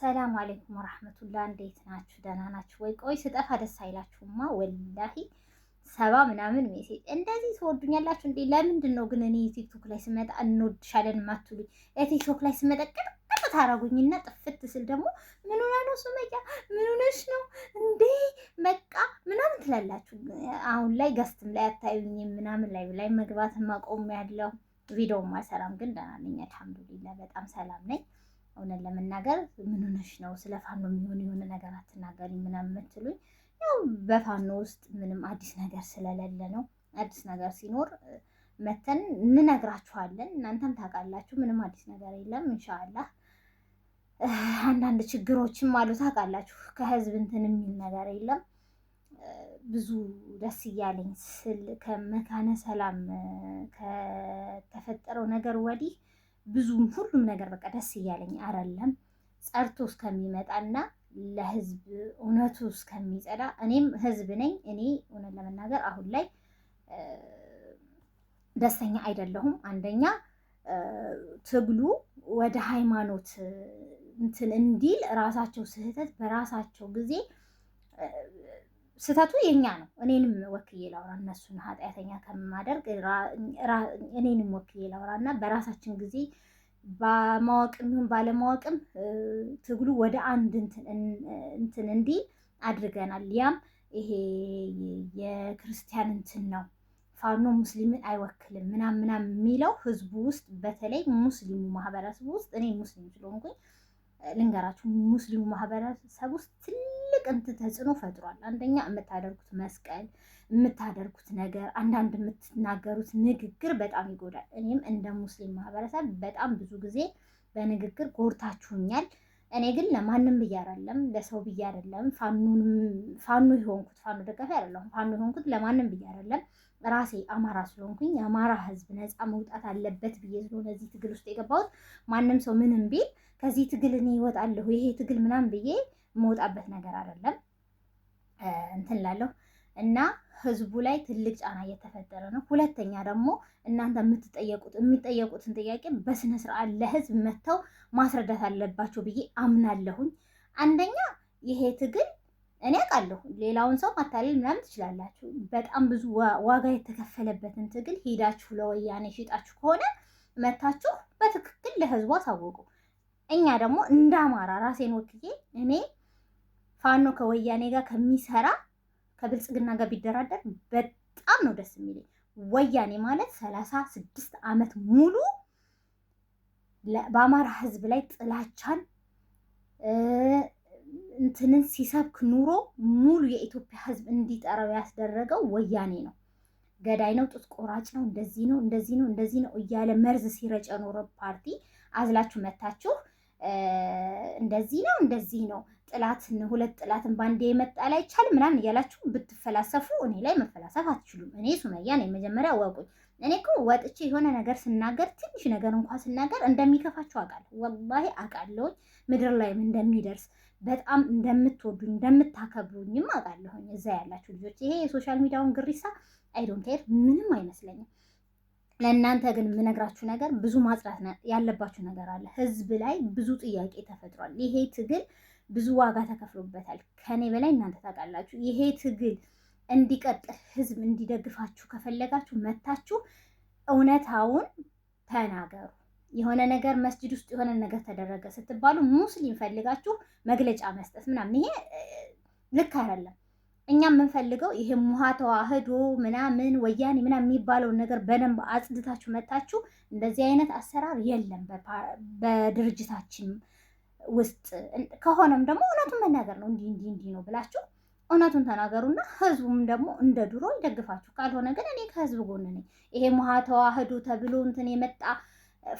ሰላም አለይኩም ወራህመቱላ እንዴት ናችሁ? ደህና ናችሁ ወይ? ቆይ ስጠፋ ደስ አይላችሁማ? ወላሂ ሰባ ምናምን ሜሴጅ እንደዚህ ትወዱኛላችሁ እንዴ? ለምንድን ነው ግን እኔ ቲክቶክ ላይ ስመጣ እንወድሻለን ማትሉኝ? ቲክቶክ ላይ ስመጣ ቅጥቅጥ ታረጉኝና ጥፍት ስል ደግሞ ምን ሆና ነው ሱመያ፣ ምን ሆነሽ ነው እንዴ በቃ ምናምን ትላላችሁ። አሁን ላይ ገስትም ላይ አታዩኝም ምናምን ላይ ላይ መግባት ማቆም ያለው ቪዲዮ ማሰራም ግን ደህና ነኝ፣ አልሐምዱሊላ በጣም ሰላም ነኝ። እውነት ለመናገር ምን ሆነሽ ነው? ስለ ፋኖ የሚሆን የሆነ ነገር አትናገሪ ምናምን የምትሉኝ ያው በፋኖ ውስጥ ምንም አዲስ ነገር ስለሌለ ነው። አዲስ ነገር ሲኖር መተን እንነግራችኋለን፣ እናንተም ታውቃላችሁ። ምንም አዲስ ነገር የለም። እንሻላ አንዳንድ ችግሮችም አሉ ታውቃላችሁ። ከህዝብ እንትን የሚል ነገር የለም። ብዙ ደስ እያለኝ ስል ከመካነ ሰላም ከተፈጠረው ነገር ወዲህ ብዙም ሁሉም ነገር በቃ ደስ እያለኝ አረለም ጸርቶ እስከሚመጣና ለህዝብ እውነቱ እስከሚጸዳ እኔም ህዝብ ነኝ። እኔ እውነት ለመናገር አሁን ላይ ደስተኛ አይደለሁም። አንደኛ ትግሉ ወደ ሃይማኖት እንትን እንዲል ራሳቸው ስህተት በራሳቸው ጊዜ ስህተቱ የኛ ነው። እኔንም ወክዬ ላውራ እነሱን ኃጢአተኛ ከማደርግ እኔንም ወክዬ ላውራ እና በራሳችን ጊዜ በማወቅም ይሁን ባለማወቅም ትግሉ ወደ አንድ እንትን እንዲህ አድርገናል። ያም ይሄ የክርስቲያን እንትን ነው ፋኖ ሙስሊምን አይወክልም ምናም ምናም የሚለው ህዝቡ ውስጥ በተለይ ሙስሊሙ ማህበረሰቡ ውስጥ እኔ ሙስሊም ስለሆንኩኝ ልንገራችሁ ሙስሊሙ ማህበረሰብ ውስጥ ትልቅ እንትን ተጽዕኖ ፈጥሯል። አንደኛ የምታደርጉት መስቀል፣ የምታደርጉት ነገር፣ አንዳንድ የምትናገሩት ንግግር በጣም ይጎዳል። እኔም እንደ ሙስሊም ማህበረሰብ በጣም ብዙ ጊዜ በንግግር ጎርታችሁኛል እኔ ግን ለማንም ብዬ አይደለም፣ ለሰው ብዬ አይደለም። ፋኑ የሆንኩት ፋኑ ደጋፊ አይደለሁም። ፋኑ የሆንኩት ለማንም ብዬ አይደለም። ራሴ አማራ ስለሆንኩኝ የአማራ ህዝብ ነፃ መውጣት አለበት ብዬ ስለሆነ እዚህ ትግል ውስጥ የገባሁት ማንም ሰው ምንም ቢል ከዚህ ትግል እኔ ይወጣለሁ ይሄ ትግል ምናምን ብዬ የምወጣበት ነገር አይደለም እንትን ላለሁ እና ህዝቡ ላይ ትልቅ ጫና እየተፈጠረ ነው። ሁለተኛ ደግሞ እናንተ የምትጠየቁት የሚጠየቁትን ጥያቄ በስነ ስርዓት ለህዝብ መጥተው ማስረዳት አለባቸው ብዬ አምናለሁኝ። አንደኛ ይሄ ትግል እኔ አውቃለሁ፣ ሌላውን ሰው ማታለል ምናምን ትችላላችሁ። በጣም ብዙ ዋጋ የተከፈለበትን ትግል ሄዳችሁ ለወያኔ ሽጣችሁ ከሆነ መታችሁ በትክክል ለህዝቡ አሳወቁ። እኛ ደግሞ እንደ አማራ ራሴን ወክዬ እኔ ፋኖ ከወያኔ ጋር ከሚሰራ ከብልጽግና ጋር ቢደራደር በጣም ነው ደስ የሚለኝ። ወያኔ ማለት ሰላሳ ስድስት ዓመት ሙሉ በአማራ ሕዝብ ላይ ጥላቻን እንትንን ሲሰብክ ኑሮ ሙሉ የኢትዮጵያ ሕዝብ እንዲጠራው ያስደረገው ወያኔ ነው። ገዳይ ነው፣ ጡት ቆራጭ ነው፣ እንደዚህ ነው፣ እንደዚህ ነው፣ እንደዚህ ነው እያለ መርዝ ሲረጭ የኖረ ፓርቲ አዝላችሁ መታችሁ እንደዚህ ነው እንደዚህ ነው ጥላት ሁለት ጥላትን የመጣ ላይ ይቻል ምናምን እያላችሁ ብትፈላሰፉ እኔ ላይ መፈላሰፍ አትችሉም። እኔ ሱመያ ነኝ፣ መጀመሪያ አወቁኝ። እኔ እኮ ወጥቼ የሆነ ነገር ስናገር ትንሽ ነገር እንኳ ስናገር እንደሚከፋችሁ አውቃለሁ፣ ወላሂ አውቃለሁኝ። ምድር ላይም እንደሚደርስ በጣም እንደምትወዱኝ እንደምታከብሩኝም አውቃለሁኝ። እዛ ያላችሁ ልጆች ይሄ የሶሻል ሚዲያውን ግሪሳ አይዶንት ኬር ምንም አይመስለኝም። ለእናንተ ግን የምነግራችሁ ነገር ብዙ ማጽዳት ያለባችሁ ነገር አለ። ህዝብ ላይ ብዙ ጥያቄ ተፈጥሯል። ይሄ ትግል ብዙ ዋጋ ተከፍሎበታል። ከኔ በላይ እናንተ ታውቃላችሁ። ይሄ ትግል እንዲቀጥል ህዝብ እንዲደግፋችሁ ከፈለጋችሁ መታችሁ እውነታውን ተናገሩ። የሆነ ነገር መስጅድ ውስጥ የሆነ ነገር ተደረገ ስትባሉ ሙስሊም ፈልጋችሁ መግለጫ መስጠት ምናምን ይሄ ልክ አይደለም። እኛ የምንፈልገው ይሄ ውሃ ተዋህዶ ምናምን ወያኔ ምናምን የሚባለውን ነገር በደንብ አጽድታችሁ መታችሁ። እንደዚህ አይነት አሰራር የለም በድርጅታችን ውስጥ። ከሆነም ደግሞ እውነቱን መናገር ነው። እንዲህ እንዲህ እንዲህ ነው ብላችሁ እውነቱን ተናገሩና ህዝቡም ደግሞ እንደ ድሮ ይደግፋችሁ። ካልሆነ ግን እኔ ከህዝብ ጎን ነኝ። ይሄ ውሃ ተዋህዶ ተብሎ እንትን የመጣ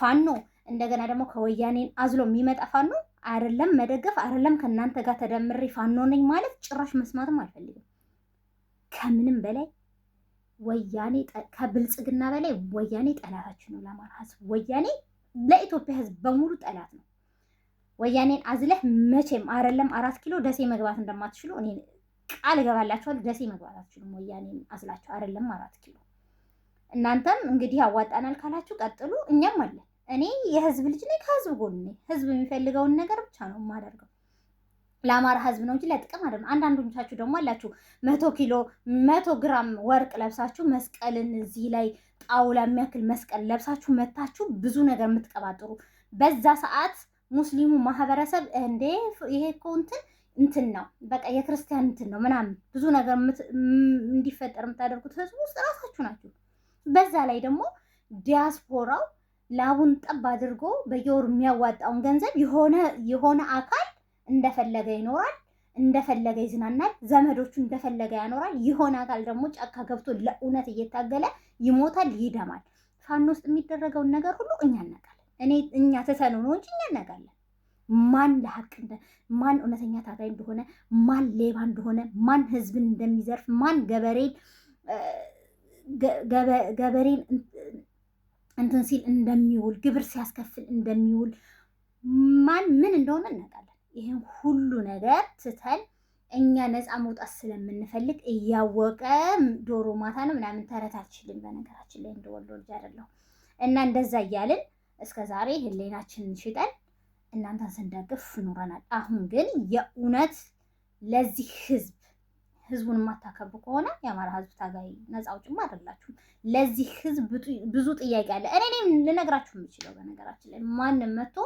ፋኖ እንደገና ደግሞ ከወያኔን አዝሎ የሚመጣ ፋኖ አይደለም መደገፍ አይደለም ከእናንተ ጋር ተደምሬ ፋኖ ነኝ ማለት ጭራሽ መስማትም አልፈልግም። ከምንም በላይ ወያኔ ከብልጽግና በላይ ወያኔ ጠላታችን ነው። ለአማራ ወያኔ ለኢትዮጵያ ህዝብ በሙሉ ጠላት ነው። ወያኔን አዝለህ መቼም አይደለም አራት ኪሎ ደሴ መግባት እንደማትችሉ እኔ ቃል እገባላችኋል። ደሴ መግባት አትችሉም። ወያኔን አዝላችሁ አይደለም አራት ኪሎ። እናንተም እንግዲህ አዋጣናል ካላችሁ ቀጥሉ፣ እኛም አለን። እኔ የህዝብ ልጅ ነኝ፣ ከህዝብ ጎን ነኝ። ህዝብ የሚፈልገውን ነገር ብቻ ነው የማደርገው። ለአማራ ህዝብ ነው እንጂ ለጥቅም አይደለም። አንዳንዶቻችሁ ደግሞ አላችሁ መቶ ኪሎ መቶ ግራም ወርቅ ለብሳችሁ መስቀልን እዚህ ላይ ጣውላ የሚያክል መስቀል ለብሳችሁ መታችሁ ብዙ ነገር የምትቀባጥሩ በዛ ሰዓት ሙስሊሙ ማህበረሰብ እንዴ ይሄ እኮ እንትን እንትን ነው በቃ የክርስቲያን እንትን ነው ምናምን ብዙ ነገር እንዲፈጠር የምታደርጉት ህዝቡ ውስጥ ራሳችሁ ናችሁ። በዛ ላይ ደግሞ ዲያስፖራው ላቡን ጠብ አድርጎ በየወሩ የሚያዋጣውን ገንዘብ የሆነ አካል እንደፈለገ ይኖራል፣ እንደፈለገ ይዝናናል፣ ዘመዶቹ እንደፈለገ ያኖራል። የሆነ አካል ደግሞ ጫካ ገብቶ ለእውነት እየታገለ ይሞታል፣ ይደማል። ፋኖ ውስጥ የሚደረገውን ነገር ሁሉ እኛ እናውቃለን። እኔ እኛ ትተነው ነው እንጂ እኛ እናውቃለን። ማን ለሀቅ ማን እውነተኛ ታጋይ እንደሆነ ማን ሌባ እንደሆነ ማን ህዝብን እንደሚዘርፍ ማን ገበሬን ገበሬን እንትን ሲል እንደሚውል ግብር ሲያስከፍል እንደሚውል ማን ምን እንደሆነ እናውቃለን። ይህን ሁሉ ነገር ትተን እኛ ነፃ መውጣት ስለምንፈልግ እያወቀ ዶሮ ማታ ነው ምናምን ተረት አልችልም። በነገራችን ላይ እንደወልዶ ልጅ አይደለሁ እና እንደዛ እያልን እስከ ዛሬ ህሌናችንን ሽጠን እናንተን ስንደግፍ ኖረናል። አሁን ግን የእውነት ለዚህ ህዝብ ህዝቡን የማታከብ ከሆነ የአማራ ህዝብ ታጋይ ነፃ አውጭም አይደላችሁም። ለዚህ ህዝብ ብዙ ጥያቄ አለ። እኔ እኔም ልነግራችሁ የምችለው በነገራችን ላይ ማንም መጥቶ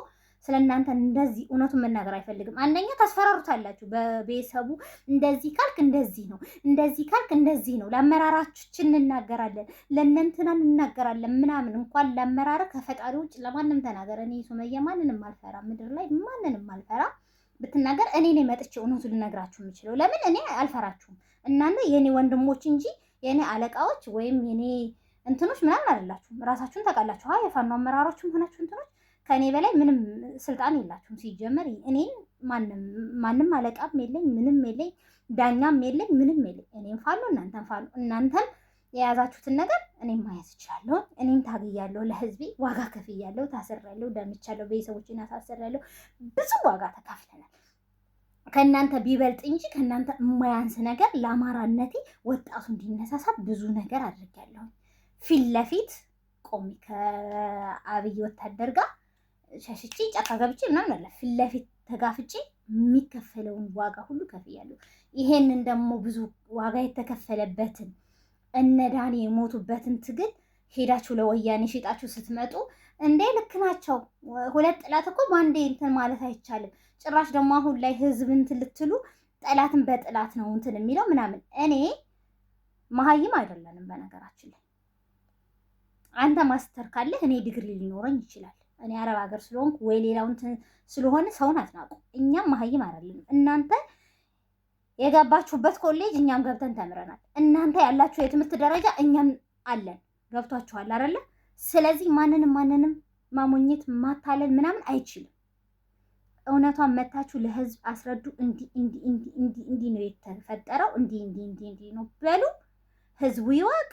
ስለ እናንተ እንደዚህ እውነቱን መናገር አይፈልግም። አንደኛ ታስፈራሩታላችሁ። በቤተሰቡ እንደዚህ ካልክ እንደዚህ ነው፣ እንደዚህ ካልክ እንደዚህ ነው። ለአመራራችን እንናገራለን፣ ለእነንትና እንናገራለን ምናምን። እንኳን ለአመራር ከፈጣሪ ውጭ ለማንም ተናገር። እኔ ሱመያ ማንንም አልፈራ፣ ምድር ላይ ማንንም አልፈራ። ብትናገር እኔ ነኝ መጥቼ እውነቱ ልነግራችሁ የምችለው። ለምን እኔ አልፈራችሁም። እናንተ የኔ ወንድሞች እንጂ የኔ አለቃዎች ወይም የኔ እንትኖች ምናምን አይደላችሁም። ራሳችሁን ታውቃላችሁ። ሀ የፋኖ አመራሮችም ሆናችሁ እንትኖች ከእኔ በላይ ምንም ስልጣን የላችሁም። ሲጀመር እኔን ማንም አለቃም የለኝ ምንም የለኝ ዳኛም የለኝ ምንም የለኝ። እኔም ፋኖ እናንተም ፋኖ እናንተም የያዛችሁትን ነገር እኔም ማየት እችላለሁ። እኔም ታግያለሁ፣ ለህዝቤ ዋጋ ከፍያለሁ፣ ታስሬያለሁ፣ ደምቻለሁ፣ ቤተሰቦቼን አሳስሬያለሁ። ብዙ ዋጋ ተካፍለናል። ከእናንተ ቢበልጥ እንጂ ከእናንተ የማያንስ ነገር ለአማራነቴ ወጣቱ እንዲነሳሳ ብዙ ነገር አድርጊያለሁ። ፊት ለፊት ቆሜ ከአብይ ወታደር ጋር ሸሽቼ ጫካ ገብቼ ምናምን አለ ፊት ለፊት ተጋፍጬ የሚከፈለውን ዋጋ ሁሉ ከፍያለሁ። ይሄንን ደግሞ ብዙ ዋጋ የተከፈለበትን እነ ዳኒ የሞቱበትን ትግል ሄዳችሁ ለወያኔ ሸጣችሁ ስትመጡ እንዴ ልክ ናቸው። ሁለት ጥላት እኮ በአንዴ እንትን ማለት አይቻልም። ጭራሽ ደግሞ አሁን ላይ ህዝብ እንትን ልትሉ ጠላትን በጥላት ነው እንትን የሚለው ምናምን። እኔ መሀይም አይደለንም በነገራችን ላይ አንተ ማስተር ካለህ እኔ ዲግሪ ሊኖረኝ ይችላል። እኔ አረብ ሀገር ስለሆንኩ ወይ ሌላው እንትን ስለሆነ ሰውን አትናቁ። እኛም መሀይም አይደለንም እናንተ የገባችሁበት ኮሌጅ እኛም ገብተን ተምረናል። እናንተ ያላችሁ የትምህርት ደረጃ እኛም አለን። ገብቷችኋል አይደለ? ስለዚህ ማንንም ማንንም ማሞኘት ማታለል ምናምን አይችልም። እውነቷን መታችሁ ለህዝብ አስረዱ። እንዲ እንዲ ነው የተፈጠረው፣ እንዲ እንዲ እንዲ እንዲ ነው በሉ። ህዝቡ ይወቅ።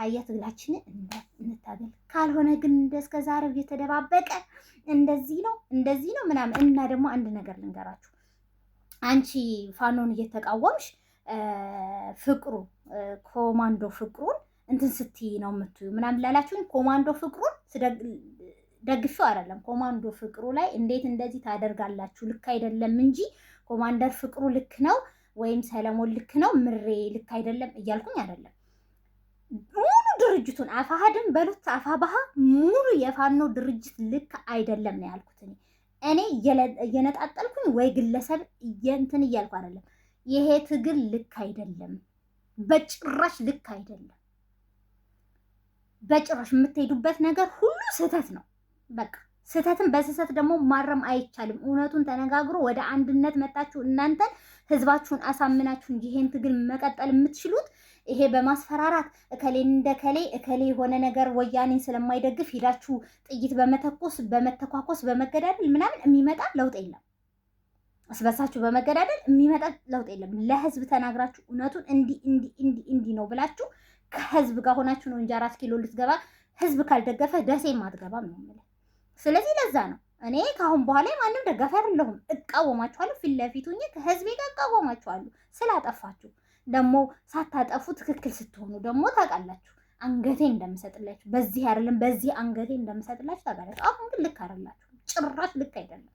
ሀያ ትግላችንን እንታገል። ካልሆነ ግን እስከ ዛሬው እየተደባበቀ እንደዚህ ነው እንደዚህ ነው ምናምን እና ደግሞ አንድ ነገር ልንገራችሁ አንቺ ፋኖን እየተቃወምሽ ፍቅሩ ኮማንዶ ፍቅሩን እንትን ስትይ ነው የምትዩ ምናምን ላላችሁኝ ኮማንዶ ፍቅሩን ደግፊው አይደለም። ኮማንዶ ፍቅሩ ላይ እንዴት እንደዚህ ታደርጋላችሁ? ልክ አይደለም እንጂ ኮማንደር ፍቅሩ ልክ ነው ወይም ሰለሞን ልክ ነው፣ ምሬ ልክ አይደለም እያልኩኝ አይደለም። ሙሉ ድርጅቱን አፋሃድን በሉት አፋባሃ ሙሉ የፋኖ ድርጅት ልክ አይደለም ነው ያልኩት እኔ። እኔ እየነጣጠልኩኝ ወይ ግለሰብ እንትን እያልኩ አይደለም። ይሄ ትግል ልክ አይደለም፣ በጭራሽ ልክ አይደለም። በጭራሽ የምትሄዱበት ነገር ሁሉ ስህተት ነው። በቃ ስህተትን በስህተት ደግሞ ማረም አይቻልም። እውነቱን ተነጋግሮ ወደ አንድነት መጣችሁ እናንተን ህዝባችሁን አሳምናችሁ እንጂ ይሄን ትግል መቀጠል የምትችሉት ይሄ በማስፈራራት እከሌ እንደ ከሌ እከሌ የሆነ ነገር ወያኔን ስለማይደግፍ ሄዳችሁ ጥይት በመተኮስ በመተኳኮስ በመገዳደል ምናምን የሚመጣ ለውጥ የለም። አስበሳችሁ በመገዳደል የሚመጣ ለውጥ የለም። ለህዝብ ተናግራችሁ እውነቱን እንዲ እንዲ እንዲ እንዲ ነው ብላችሁ ከህዝብ ጋር ሆናችሁ ነው እንጂ አራት ኪሎ ልትገባ ህዝብ ካልደገፈ ደሴ አትገባም ነው የምልህ። ስለዚህ ለዛ ነው እኔ ከአሁን በኋላ ማንም ደጋፊ አይደለሁም። እቃወማችኋለሁ፣ ፊት ለፊት ሆኜ ከህዝቤ ጋር እቃወማችኋለሁ። ስላጠፋችሁ ደግሞ ሳታጠፉ ትክክል ስትሆኑ ደግሞ ታውቃላችሁ አንገቴ እንደምሰጥላችሁ። በዚህ አይደለም በዚህ አንገቴ እንደምሰጥላችሁ ታውቃላችሁ። አሁን ግን ልክ አይደላችሁ፣ ጭራሽ ልክ አይደለም።